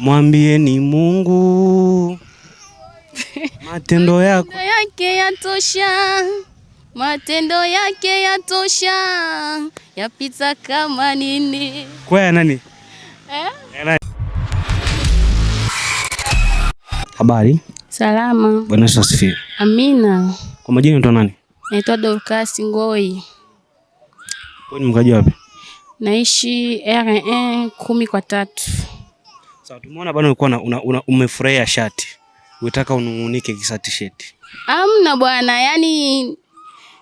mwambie ni Mungu matendo yako yake yatosha, matendo yake yatosha, yapita kama nini. Kwa nani? Eh? nani? Habari? Salama. Bwana asifiwe. Amina. Kwa majina unaitwa nani? Naitwa Dorcas Ngoi. Wewe ni mkaji wapi? Naishi R1 kumi kwa tatu. Sawa, tumeona bwana ulikuwa umefurahia shati, unataka unungunike kisati sheti. Amna bwana, yani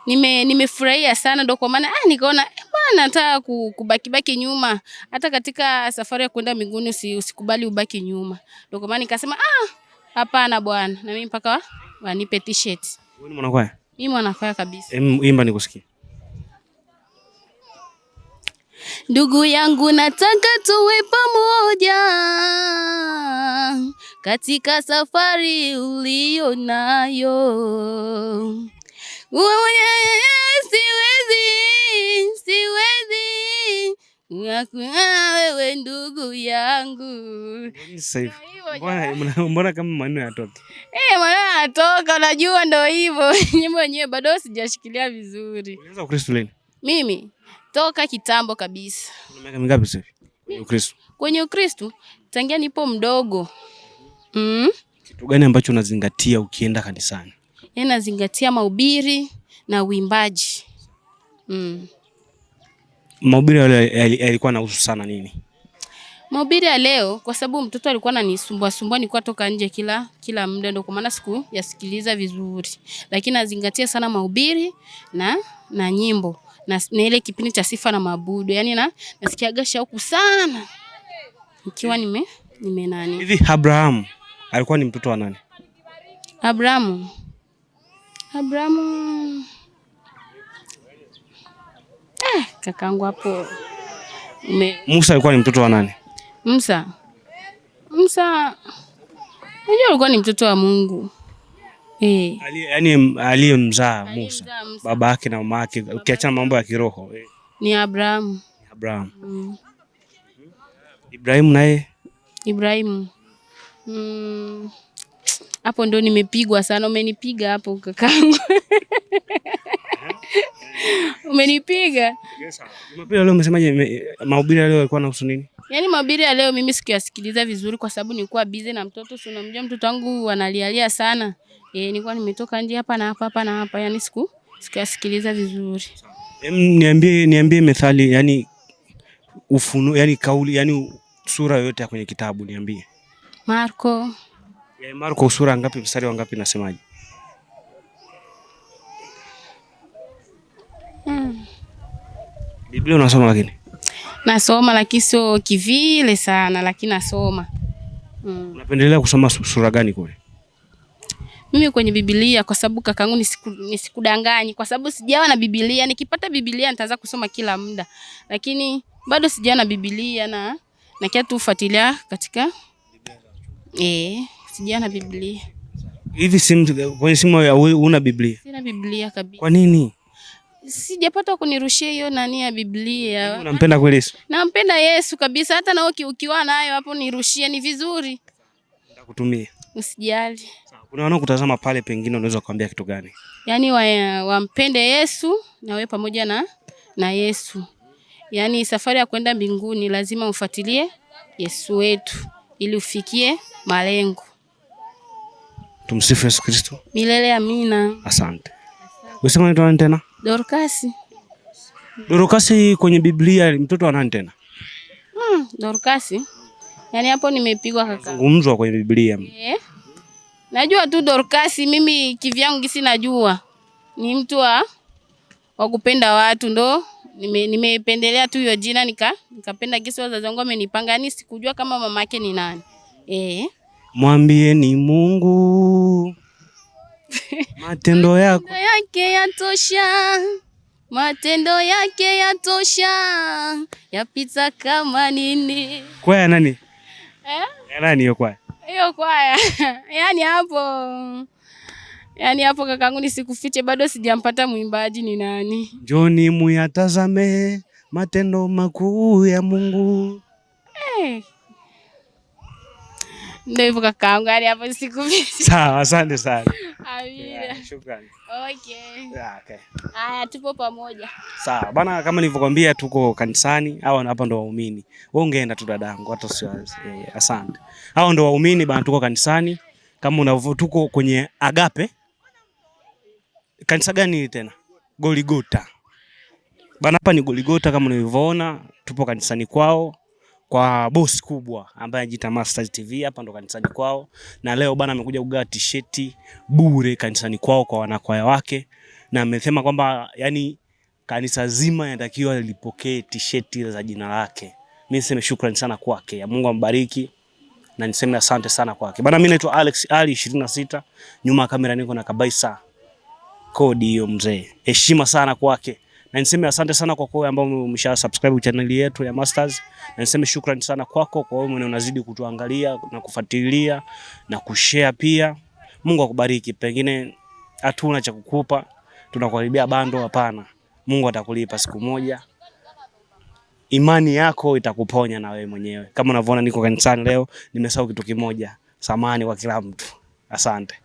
nime nimefurahia sana, ndio kwa maana ah, nikaona eh, bwana, nataka kubaki baki nyuma. Hata katika safari ya kwenda mbinguni usikubali ubaki nyuma, ndio kwa maana nikasema ah, hapana bwana, na mimi mpaka wanipe t-shirt. Wewe ni mwanakwaya? Mimi mwanakwaya kabisa. Em, imba nikusikie. Ndugu yangu nataka tuwe pamoja katika safari uliyo nayo. Siwezi, siwezi ah, wewe ndugu yangu. Mbona kama maneno yatoke? eh, maneno yanatoka, unajua ndo hivyo. Nyimbo wenyewe bado sijashikilia vizuri. lini? Mimi toka kitambo kabisa. Una miaka mingapi sasa kwenye Ukristo? Kwenye Ukristo tangia nipo mdogo. Mm. Kitu gani ambacho unazingatia ukienda kanisani? Yaani nazingatia mahubiri na uimbaji. Mm. Mahubiri yalikuwa nahusu sana nini? Mahubiri ya leo kwa sababu mtoto alikuwa ananisumbua sumbua, nilikuwa toka nje kila kila muda, ndio kwa maana siku yasikiliza vizuri, lakini nazingatia sana mahubiri na na nyimbo na, na ile kipindi cha sifa na mabudu yani na, nasikiaga shauku sana nikiwa nime nime nani hivi. Abraham alikuwa ni mtoto wa nani? Abraham Abraham eh, kakangu hapo me... Musa alikuwa ni mtoto wa nani? Musa Musa unajua alikuwa ni mtoto wa Mungu e. Yaani aliyemzaa Musa, baba yake na mama yake, ukiachana mambo ya kiroho e. Ni Abrahamu. Abrahamu. Mm. Ibrahimu naye Ibrahimu mm. hapo mm. Ndo nimepigwa sana, umenipiga hapo kakangu umenipiga. Yes, Jumapili leo umesemaje? Mahubiri leo nini? Yaani mahubiri ya leo mimi sikuyasikiliza vizuri kwa sababu nilikuwa busy na mtoto, si unamjua mtoto wangu analialia sana. Eh, nilikuwa nimetoka nje hapa na hapa hapa na hapa, yaani siku sikuyasikiliza vizuri. Em, niambie niambie methali, yani ufunuo, yani kauli, yani sura yoyote ya kwenye kitabu niambie. Marko. Ya eh, Marko sura ngapi mstari wa ngapi nasemaje? Hmm. Biblia unasoma lakini? Nasoma lakini sio kivile sana, lakini nasoma. Mm. Unapendelea kusoma sura gani kule? Mimi kwenye Biblia kwa sababu kakangu nisikudanganyi nisiku, kwa sababu sijawa na Biblia. Nikipata Biblia nitaanza kusoma kila muda, lakini bado sijawa na Biblia na na kia tufuatilia katika eh, sijawa na Biblia hivi. Simu kwenye simu una Biblia? Sina Biblia kabisa. Kwa nini? sijapata kunirushia hiyo nani ya Biblia. Unampenda kweli Yesu? Nampenda Yesu kabisa, hata nao ukiwa nayo hapo nirushie, ni vizuri. Nitakutumia. Usijali. Kuna wanaokutazama pale, pengine unaweza kuambia kitu gani? Yaani wampende wa Yesu na wewe pamoja na na Yesu. Yaani safari ya kwenda mbinguni lazima ufuatilie Yesu wetu ili ufikie malengo. Tumsifu Yesu Kristo. Milele amina. Asante. Asante. Usema ndio tena? Dorkasi. Dorkasi kwenye Biblia mtoto nani tena? Hmm, Dorkasi. Yaani hapo nimepigwa kaka. Ngumzwa kwenye Biblia. E? Najua tu Dorkasi mimi kivyangu gisi najua. Ni mtu wa wa kupenda watu ndo nimependelea nime tu hiyo jina nika nikapenda gisi wazazi wangu wamenipanga, ni yaani sikujua kama mama yake ni nani. Eh. ni Mungu matendo yako, matendo yake yatosha, matendo yake yatosha, yapita kama nini. Kwaya nani eh? ya nani hiyo kwaya? hiyo kwaya yani hapo yaani hapo kakangu, nisikufiche, bado sijampata mwimbaji ni nani. Njoni muyatazame matendo makuu ya Mungu hey. Eh. Ndio kakaangu hapo siku mbili. Sawa, asante sana. Amina. Shukrani. Okay. Okay. Haya, tupo pamoja. Sawa. Bana, kama nilivyokuambia tuko kanisani, hawa hapa ndo waumini. Wewe ungeenda tu dadangu, hata sio. Eh, asante. Hawa ndo waumini bana, tuko kanisani. Kama unavyo tuko kwenye Agape. Kanisa gani tena? Goligota. Bana, hapa ni Goligota kama unavyoona, tupo kanisani kwao kwa boss kubwa ambaye anajiita Mastaz TV, hapa ndo kanisani kwao, na leo bana amekuja kugawa tisheti bure kanisani kwao kwa wanakwaya wake, na amesema kwamba yani kanisa zima inatakiwa lipokee t-shirt za jina lake. Mimi niseme shukrani sana kwake, Mungu ambariki na niseme asante sana kwake bana. Mimi naitwa Alex Ali 26, nyuma ya kamera niko na Kabaisa Kodi, hiyo mzee, heshima sana kwake na niseme asante sana kwa kwa ambao umesha subscribe channel yetu ya Masters, na niseme shukrani sana kwako kwa wewe mwenye unazidi kutuangalia na kufuatilia na kushare pia. Mungu akubariki. Pengine hatuna cha kukupa, tunakuharibia bando? Hapana, Mungu atakulipa siku moja. Imani yako itakuponya na wewe mwenyewe. Kama unavyoona niko kanisani leo, nimesahau kitu kimoja, samani kwa kila mtu. Asante.